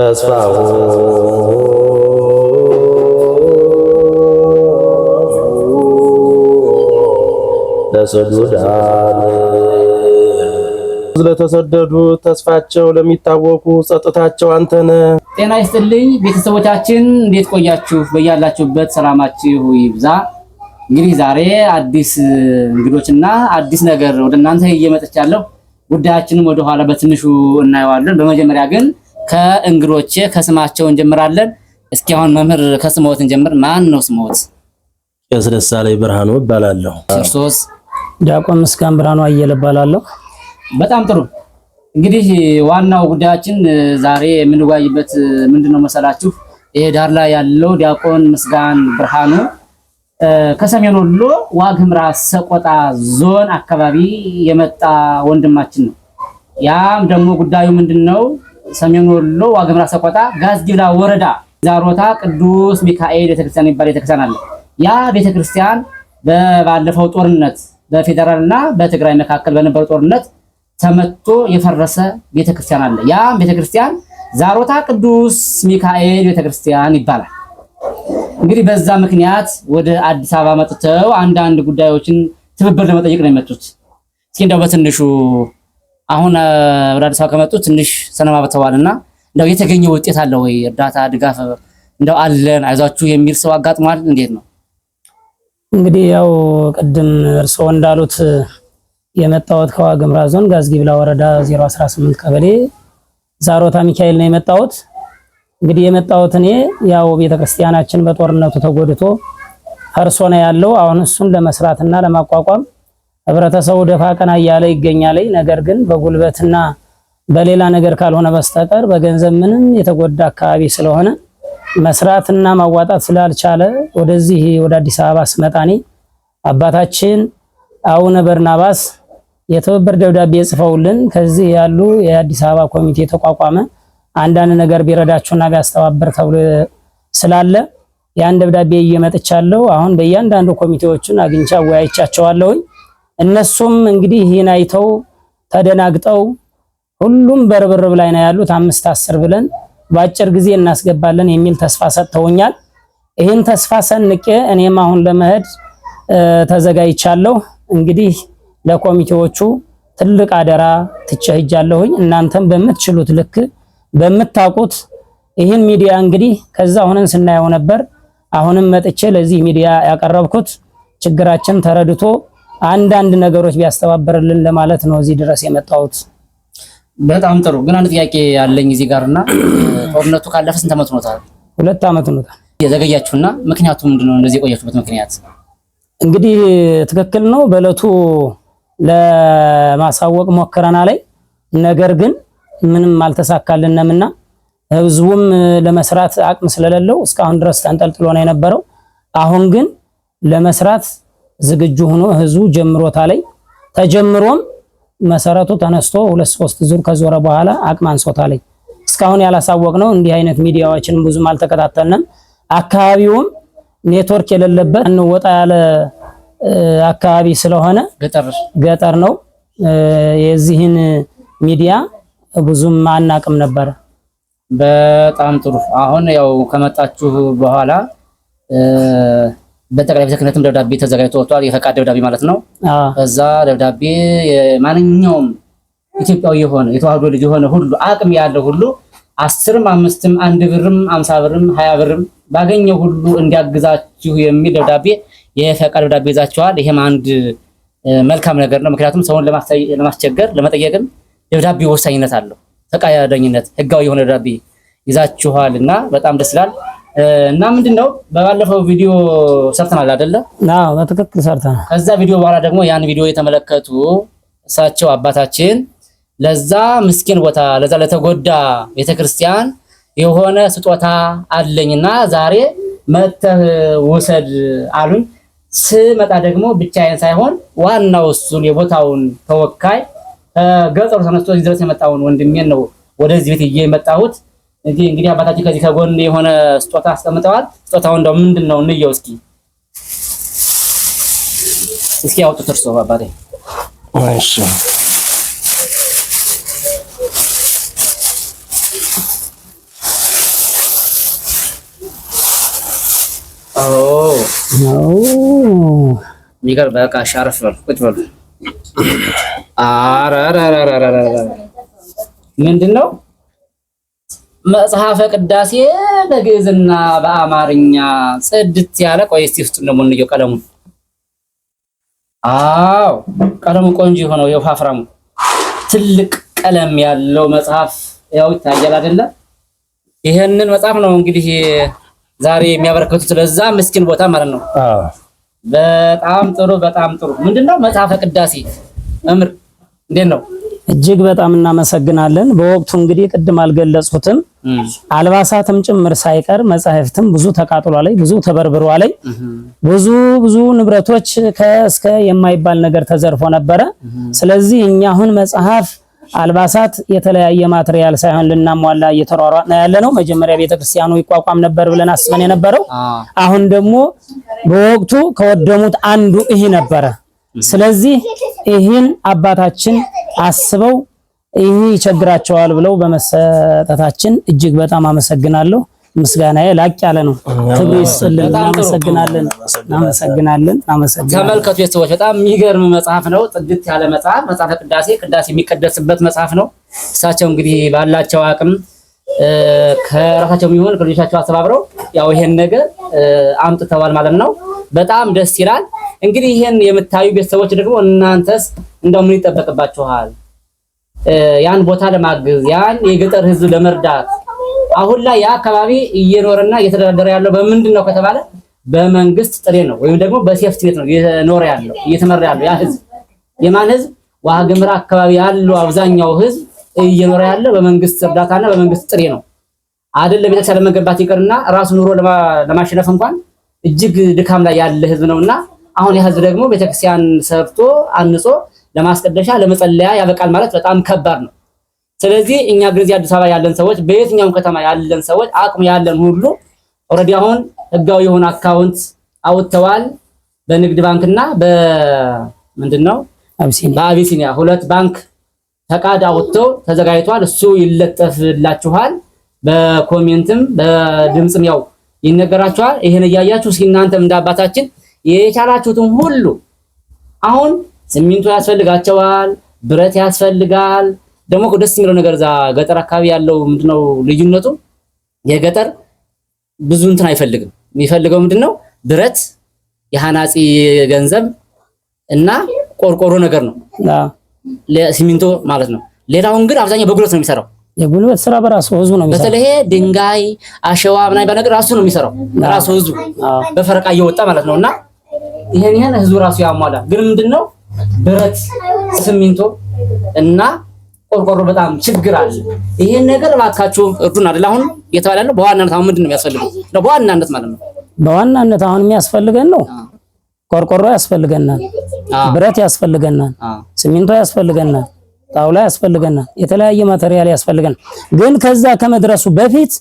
ተስፋሁ ለሰዱዳን ለተሰደዱ ተስፋቸው ለሚታወቁ ጸጥታቸው አንተነ። ጤና ይስጥልኝ ቤተሰቦቻችን፣ እንዴት ቆያችሁ? በያላችሁበት ሰላማችሁ ይብዛ። እንግዲህ ዛሬ አዲስ እንግዶችና አዲስ ነገር ወደ እናንተ እየመጥቻለሁ። ጉዳያችንም ወደኋላ በትንሹ እናየዋለን። በመጀመሪያ ግን ከእንግዶቼ ከስማቸው እንጀምራለን። እስኪ አሁን መምህር ከስሞት እንጀምር። ማን ነው ስሞት? ቄስ ደሳለኝ ብርሃኑ እባላለሁ። ክርስቶስ ዲያቆን ምስጋን ብርሃኑ አየለ እባላለሁ። በጣም ጥሩ እንግዲህ ዋናው ጉዳያችን ዛሬ የምንወያይበት ምንድን ነው መሰላችሁ? ይሄ ዳር ላይ ያለው ዲያቆን ምስጋን ብርሃኑ ከሰሜን ወሎ ዋግ ኽምራ ሰቆጣ ዞን አካባቢ የመጣ ወንድማችን ነው። ያም ደግሞ ጉዳዩ ምንድን ነው? ሰሜን ወሎ ዋግምራ ሰቆጣ ጋዝ ወረዳ ዛሮታ ቅዱስ ሚካኤል ቤተክርስቲያን የሚባል ቤተክርስቲያን አለ። ያ ቤተክርስቲያን በባለፈው ጦርነት በፌዴራልና በትግራይ መካከል በነበረ ጦርነት ተመቶ የፈረሰ ቤተክርስቲያን አለ። ያ ቤተክርስቲያን ዛሮታ ቅዱስ ሚካኤል ቤተክርስቲያን ይባላል። እንግዲህ በዛ ምክንያት ወደ አዲስ አበባ መጥተው አንዳንድ ጉዳዮችን ትብብር ለመጠየቅ ነው የመጡት። እስኪ እንደው በትንሹ አሁን ወደ አዲስ አበባ ከመጡ ትንሽ ሰነባብተዋል እና እንደው የተገኘ ውጤት አለ ወይ? እርዳታ ድጋፍ እንደው አለን አይዟችሁ የሚል ሰው አጋጥሟል? እንዴት ነው? እንግዲህ ያው ቅድም እርስዎ እንዳሉት የመጣሁት ከዋግምራ ዞን ጋዝጊብላ ወረዳ 018 ቀበሌ ዛሮታ ሚካኤል ነው የመጣሁት። እንግዲህ የመጣሁት እኔ ያው ቤተክርስቲያናችን በጦርነቱ ተጎድቶ ፈርሶ ነው ያለው። አሁን እሱን ለመስራትና ለማቋቋም ህብረተሰቡ ደፋ ቀና እያለ ይገኛል። ነገር ግን በጉልበትና በሌላ ነገር ካልሆነ በስተቀር በገንዘብ ምንም የተጎዳ አካባቢ ስለሆነ መስራትና ማዋጣት ስላልቻለ ወደዚህ ወደ አዲስ አበባ ስመጣኔ አባታችን አቡነ በርናባስ የትብብር ደብዳቤ ጽፈውልን ከዚህ ያሉ የአዲስ አበባ ኮሚቴ ተቋቋመ አንዳንድ ነገር ቢረዳችሁና ቢያስተባብር ተብሎ ስላለ ያን ደብዳቤ እየመጥቻለሁ። አሁን በእያንዳንዱ ኮሚቴዎችን አግኝቻ አወያይቻቸዋለሁኝ። እነሱም እንግዲህ ይህን አይተው ተደናግጠው ሁሉም በርብርብ ላይ ነው ያሉት። አምስት አስር ብለን በአጭር ጊዜ እናስገባለን የሚል ተስፋ ሰጥተውኛል። ይህን ተስፋ ሰንቄ እኔም አሁን ለመሄድ ተዘጋጅቻለሁ። እንግዲህ ለኮሚቴዎቹ ትልቅ አደራ ትቼ ሄጃለሁኝ። እናንተም በምትችሉት ልክ በምታውቁት ይህን ሚዲያ እንግዲህ ከዛ ሆነን ስናየው ነበር። አሁንም መጥቼ ለዚህ ሚዲያ ያቀረብኩት ችግራችን ተረድቶ አንዳንድ ነገሮች ቢያስተባበርልን ለማለት ነው እዚህ ድረስ የመጣሁት። በጣም ጥሩ ግን አንድ ጥያቄ ያለኝ እዚህ ጋርና ጦርነቱ ካለፈ ስንት ዓመት ሆኖታል? ሁለት ዓመት ሆኖታል። የዘገያችሁና ምክንያቱ ምንድነው? እንደዚህ የቆያችሁበት ምክንያት እንግዲህ ትክክል ነው። በእለቱ ለማሳወቅ ሞከረና ላይ ነገር ግን ምንም አልተሳካልንምና ህዝቡም ለመስራት አቅም ስለሌለው እስካሁን ድረስ ተንጠልጥሎ ነው የነበረው። አሁን ግን ለመስራት ዝግጁ ሆኖ ህዝቡ ላይ ተጀምሮም መሰረቱ ተነስቶ ሁለት ሶስት ዙር ከዞረ በኋላ አቅም ላይ እስካሁን ያላሳወቅ ነው። እንዲህ አይነት ሚዲያዎችን ብዙም አልተከታተልንም። አካባቢውም ኔትወርክ የሌለበት እንወጣ ያለ አካባቢ ስለሆነ ገጠር ነው። የዚህን ሚዲያ ብዙም አናቅም ነበረ። በጣም ጥሩ። አሁን ያው ከመጣችሁ በኋላ በጠቅላይ ቤተ ክህነትም ደብዳቤ ተዘጋጅቶ ወጥቷል። የፈቃድ ደብዳቤ ማለት ነው። እዛ ደብዳቤ ማንኛውም ኢትዮጵያዊ የሆነ የተዋህዶ ልጅ የሆነ ሁሉ አቅም ያለው ሁሉ አስርም አምስትም አንድ ብርም አምሳ ብርም ሀያ ብርም ባገኘው ሁሉ እንዲያግዛችሁ የሚል ደብዳቤ የፈቃድ ደብዳቤ ይዛችኋል። ይሄም አንድ መልካም ነገር ነው። ምክንያቱም ሰውን ለማስቸገር ለመጠየቅም ደብዳቤ ወሳኝነት አለው። ፈቃደኝነት ህጋዊ የሆነ ደብዳቤ ይዛችኋል እና በጣም ደስ ይላል። እና ነው በባለፈው ቪዲዮ ሰርተናል አይደለ? አዎ በትክክል ሰርተናል። ከዛ ቪዲዮ በኋላ ደግሞ ያን ቪዲዮ የተመለከቱ እሳቸው አባታችን ለዛ ምስኪን ቦታ ለዛ ለተጎዳ ቤተክርስቲያን የሆነ ስጦታ አለኝና ዛሬ መተህ ውሰድ አሉኝ። ስመጣ ደግሞ ብቻዬን ሳይሆን ዋናው እሱን የቦታውን ተወካይ ከገጠሩ ተነስቶ ድረስ የመጣውን ወንድሜን ነው ወደዚህ ቤት እየመጣሁት እንግዲህ እንግዲህ አባታችን ከዚህ ከጎን የሆነ ስጦታ አስቀምጠዋል። ስጦታው እንደው ምንድን ነው እንየው እስኪ እስኪ ያውጡት እርስዎ አባቴ። እሺ ሚገርም በቃ ሻረፍ በል ቁጭ በሉ። አረ ምንድን ነው መጽሐፈ ቅዳሴ በግዕዝና በአማርኛ ጽድት ያለ። ቆይ እስቲ ውስጡን ደግሞ እንየው። ቀለሙ አዎ ቀለሙ ቆንጆ የሆነው የፋፍራሙ ትልቅ ቀለም ያለው መጽሐፍ ያው ይታያል አይደለ? ይሄንን መጽሐፍ ነው እንግዲህ ዛሬ የሚያበረከቱት ለዛ ምስኪን ቦታ ማለት ነው። በጣም ጥሩ፣ በጣም ጥሩ። ምንድነው መጽሐፈ ቅዳሴ መምህር እንዴት ነው? እጅግ በጣም እናመሰግናለን። በወቅቱ እንግዲህ ቅድም አልገለጹትም አልባሳትም ጭምር ሳይቀር መጻሕፍትም ብዙ ተቃጥሏል፣ ብዙ ተበርብሯል፣ ብዙ ብዙ ንብረቶች ከእስከ የማይባል ነገር ተዘርፎ ነበረ። ስለዚህ እኛ አሁን መጽሐፍ፣ አልባሳት የተለያየ ማትሪያል ሳይሆን ልናሟላ እየተሯሯጥን ያለ ነው። መጀመሪያ ቤተክርስቲያኑ ይቋቋም ነበር ብለን አስበን የነበረው አሁን ደግሞ በወቅቱ ከወደሙት አንዱ ይህ ነበረ። ስለዚህ ይህን አባታችን አስበው ይህ ይቸግራቸዋል ብለው በመሰጠታችን እጅግ በጣም አመሰግናለሁ። ምስጋናዬ ላቅ ያለ ነው። ክብር ይስጥልን። እናመሰግናለን፣ እናመሰግናለን፣ እናመሰግናለን። ተመልከቱ ቤተሰቦች፣ በጣም የሚገርም መጽሐፍ ነው። ጥድት ያለ መጽሐፍ፣ መጽሐፈ ቅዳሴ፣ ቅዳሴ የሚቀደስበት መጽሐፍ ነው። እሳቸው እንግዲህ ባላቸው አቅም ከራሳቸው የሚሆን ከልጆቻቸው አስተባብረው ያው ይሄን ነገር አምጥተዋል ማለት ነው። በጣም ደስ ይላል። እንግዲህ ይህን የምታዩ ቤተሰቦች ደግሞ እናንተስ እንደው ምን ይጠበቅባችኋል? ያን ቦታ ለማገዝ ያን የገጠር ህዝብ ለመርዳት አሁን ላይ ያ አካባቢ እየኖረና እየተደረደረ ያለው በምንድን ነው ከተባለ በመንግስት ጥሬ ነው ወይም ደግሞ በሴፍቲ ቤት ነው እየኖረ ያለው እየተመራ ያለው ያ ህዝብ የማን ህዝብ ዋግምራ አካባቢ ያለው አብዛኛው ህዝብ እየኖረ ያለው በመንግስት እርዳታና በመንግስት ጥሬ ነው አይደለም። ቤተሰብ ለመገንባት ይቀርና ራሱ ኑሮ ለማሸነፍ እንኳን እጅግ ድካም ላይ ያለ ህዝብ ነውና አሁን የህዝብ ደግሞ ቤተክርስቲያን ሰርቶ አንጾ ለማስቀደሻ ለመጸለያ ያበቃል ማለት በጣም ከባድ ነው። ስለዚህ እኛ ግን እዚህ አዲስ አበባ ያለን ሰዎች፣ በየትኛውም ከተማ ያለን ሰዎች፣ አቅም ያለን ሁሉ ኦልሬዲ አሁን ህጋዊ የሆነ አካውንት አውጥተዋል። በንግድ ባንክና በምንድን ነው በአቢሲኒያ ሁለት ባንክ ፈቃድ አውጥተው ተዘጋጅቷል። እሱ ይለጠፍላችኋል። በኮሜንትም በድምፅም ያው ይነገራችኋል። ይሄን እያያችሁ እስኪ እናንተም እንደ አባታችን የቻላችሁትን ሁሉ አሁን ሲሚንቶ ያስፈልጋቸዋል፣ ብረት ያስፈልጋል። ደግሞ ደስ የሚለው ነገር እዛ ገጠር አካባቢ ያለው ምንድነው ልዩነቱ? የገጠር ብዙ እንትን አይፈልግም። የሚፈልገው ምንድነው? ብረት፣ የሐናጺ ገንዘብ እና ቆርቆሮ ነገር ነው ሲሚንቶ ማለት ነው። ሌላውን ግን አብዛኛው በጉልበት ነው የሚሰራው። የጉልበት ስራ በራሱ ህዝቡ ነው የሚሰራው። በተለይ ድንጋይ፣ አሸዋ ምናምን በነገር ራሱ ነው የሚሰራው ራሱ ህዝቡ በፈረቃ እየወጣ ማለት ነውና ይሄን ይሄን ህዝቡ ራሱ ያሟላል። ግን ምንድነው ብረት፣ ሲሚንቶ እና ቆርቆሮ በጣም ችግር አለ። ይሄን ነገር እባካችሁ እርዱን አይደል አሁን እየተባለ ያለው። በዋናነት አሁን ምንድነው የሚያስፈልገው? ነው በዋናነት ማለት ነው በዋናነት አሁን የሚያስፈልገን ነው ቆርቆሮ ያስፈልገናል፣ ብረት ያስፈልገናል፣ ሲሚንቶ ያስፈልገናል፣ ጣውላ ያስፈልገናል፣ የተለያየ ማቴሪያል ያስፈልገናል። ግን ከዛ ከመድረሱ በፊት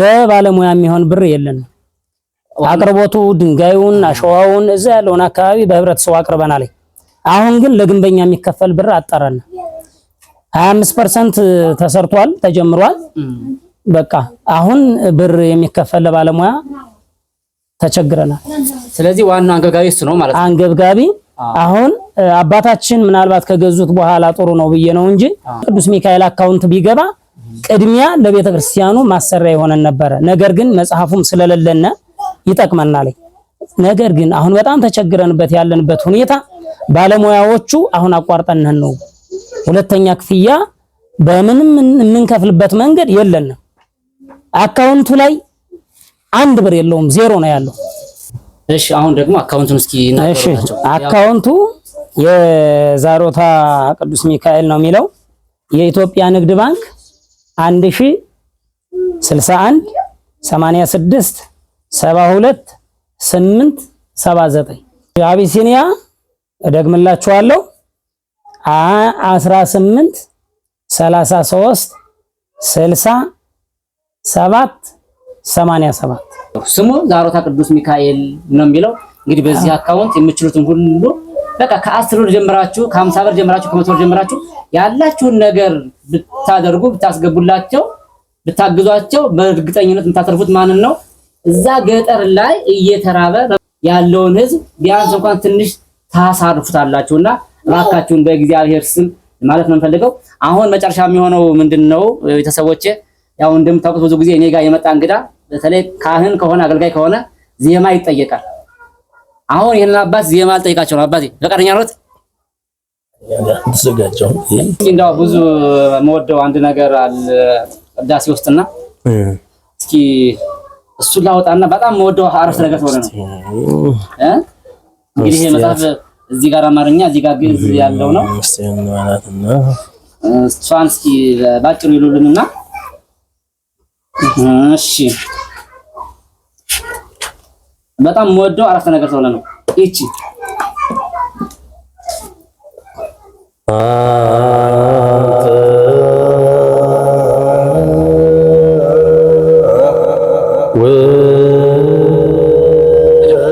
ለባለሙያ የሚሆን ብር የለንም። አቅርቦቱ ድንጋዩን፣ አሸዋውን እዛ ያለውን አካባቢ በህብረተሰቡ አቅርበናል። አሁን ግን ለግንበኛ የሚከፈል ብር አጠረን 25% ተሰርቷል፣ ተጀምሯል። በቃ አሁን ብር የሚከፈል ለባለሙያ ተቸግረናል። ስለዚህ ዋና አንገብጋቢ እሱ ነው ማለት ነው። አንገብጋቢ አሁን አባታችን ምናልባት ከገዙት በኋላ ጥሩ ነው ብዬ ነው እንጂ ቅዱስ ሚካኤል አካውንት ቢገባ ቅድሚያ ለቤተክርስቲያኑ ማሰሪያ የሆነን ነበረ። ነገር ግን መጽሐፉም ስለሌለነ ይጠቅመናል። ነገር ግን አሁን በጣም ተቸግረንበት ያለንበት ሁኔታ ባለሙያዎቹ አሁን አቋርጠንህን ነው። ሁለተኛ ክፍያ በምንም የምንከፍልበት መንገድ የለንም። አካውንቱ ላይ አንድ ብር የለውም፣ ዜሮ ነው ያለው። እሺ አሁን ደግሞ አካውንቱን እስኪ እናቀርባቸው። አካውንቱ የዛሮታ ቅዱስ ሚካኤል ነው የሚለው የኢትዮጵያ ንግድ ባንክ 1061 86 ሰባ ሁለት ስምንት ሰባ ዘጠኝ አቢሲኒያ እደግምላችኋለሁ አስራ ስምንት ሰላሳ ሶስት 7 ሰባት ሰማንያ ሰባት ስሙ ዛሮታ ቅዱስ ሚካኤል ነው የሚለው። እንግዲህ በዚህ አካውንት የምችሉትን ሁሉ በቃ ከአስር ብር ጀምራችሁ ከሀምሳ ብር ጀምራችሁ ከመቶ ብር ጀምራችሁ ያላችሁን ነገር ብታደርጉ ብታስገቡላቸው ብታግዟቸው በእርግጠኝነት የምታተርፉት ማንን ነው? እዛ ገጠር ላይ እየተራበ ያለውን ህዝብ ቢያንስ እንኳን ትንሽ ታሳርፉታላችሁና እባካችሁን በእግዚአብሔር ስም ማለት ነው የምፈልገው። አሁን መጨረሻ የሚሆነው ምንድን ነው ቤተሰቦቼ? ያው እንደምታውቁት ብዙ ጊዜ እኔ ጋር የመጣ እንግዳ በተለይ ካህን ከሆነ አገልጋይ ከሆነ ዜማ ይጠየቃል። አሁን ይህንን አባት ዜማ ልጠይቃቸው ነው። አባቴ ፈቃደኛ ኖት? እንደው ብዙ መወደው አንድ ነገር አለ ቅዳሴ ውስጥና እስኪ እሱን ላወጣና በጣም መወደው አረፍተ ነገር ሆነ ነው እ ይሄ መጽሐፍ እዚህ ጋር አማርኛ እዚህ ጋር ግዕዝ ያለው ነው። እሷን እስኪ ባጭሩ ይሉልንና እሺ፣ በጣም ወደው አረፍተ ነገር ሆነ ነው እቺ አንተ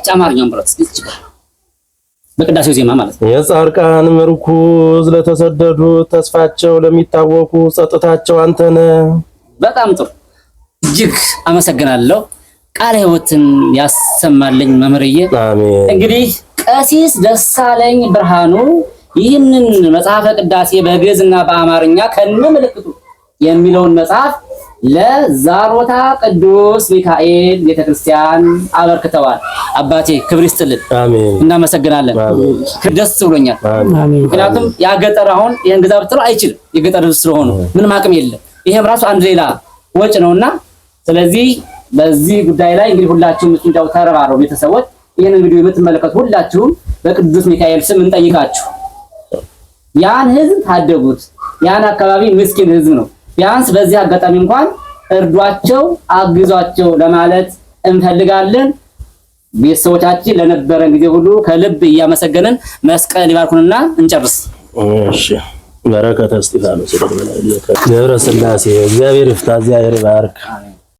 ብቻ አማርኛውን ብረት በቅዳሴው ዜማ ማለት ነው። የጻድቃን ምርኩዝ ለተሰደዱ ተስፋቸው ለሚታወቁ ጸጥታቸው አንተ በጣም ጥሩ እጅግ አመሰግናለሁ። ቃለ ሕይወትን ያሰማልኝ መምህርዬ። እንግዲህ ቀሲስ ደሳለኝ ብርሃኑ ይህንን መጽሐፈ ቅዳሴ በግዕዝና በአማርኛ ከነ ምልክቱ የሚለውን መጽሐፍ ለዛሮታ ቅዱስ ሚካኤል ቤተክርስቲያን አበርክተዋል። አባቴ ክብር ይስጥልን፣ እናመሰግናለን። ደስ ብሎኛል። ምክንያቱም ያገጠር አሁን ይህን ግዛ ብትለው አይችልም። የገጠር ስለሆኑ ምንም አቅም የለም። ይሄም ራሱ አንድ ሌላ ወጭ ነውና፣ ስለዚህ በዚህ ጉዳይ ላይ እንግዲህ ሁላችሁም እንዳው ተረባረው ቤተሰቦች፣ ይህን እንግዲህ የምትመለከቱ ሁላችሁም በቅዱስ ሚካኤል ስም እንጠይቃችሁ ያን ህዝብ ታደጉት። ያን አካባቢ ምስኪን ህዝብ ነው። ቢያንስ በዚህ አጋጣሚ እንኳን እርዷቸው፣ አግዟቸው ለማለት እንፈልጋለን። ቤተሰቦቻችን ለነበረን ጊዜ ሁሉ ከልብ እያመሰገንን መስቀል ይባርኩንና እንጨርስ። እሺ በረከተ እስጢፋኖስ ገብረ ስላሴ እግዚአብሔር ይፍታ፣ እግዚአብሔር ይባርክ።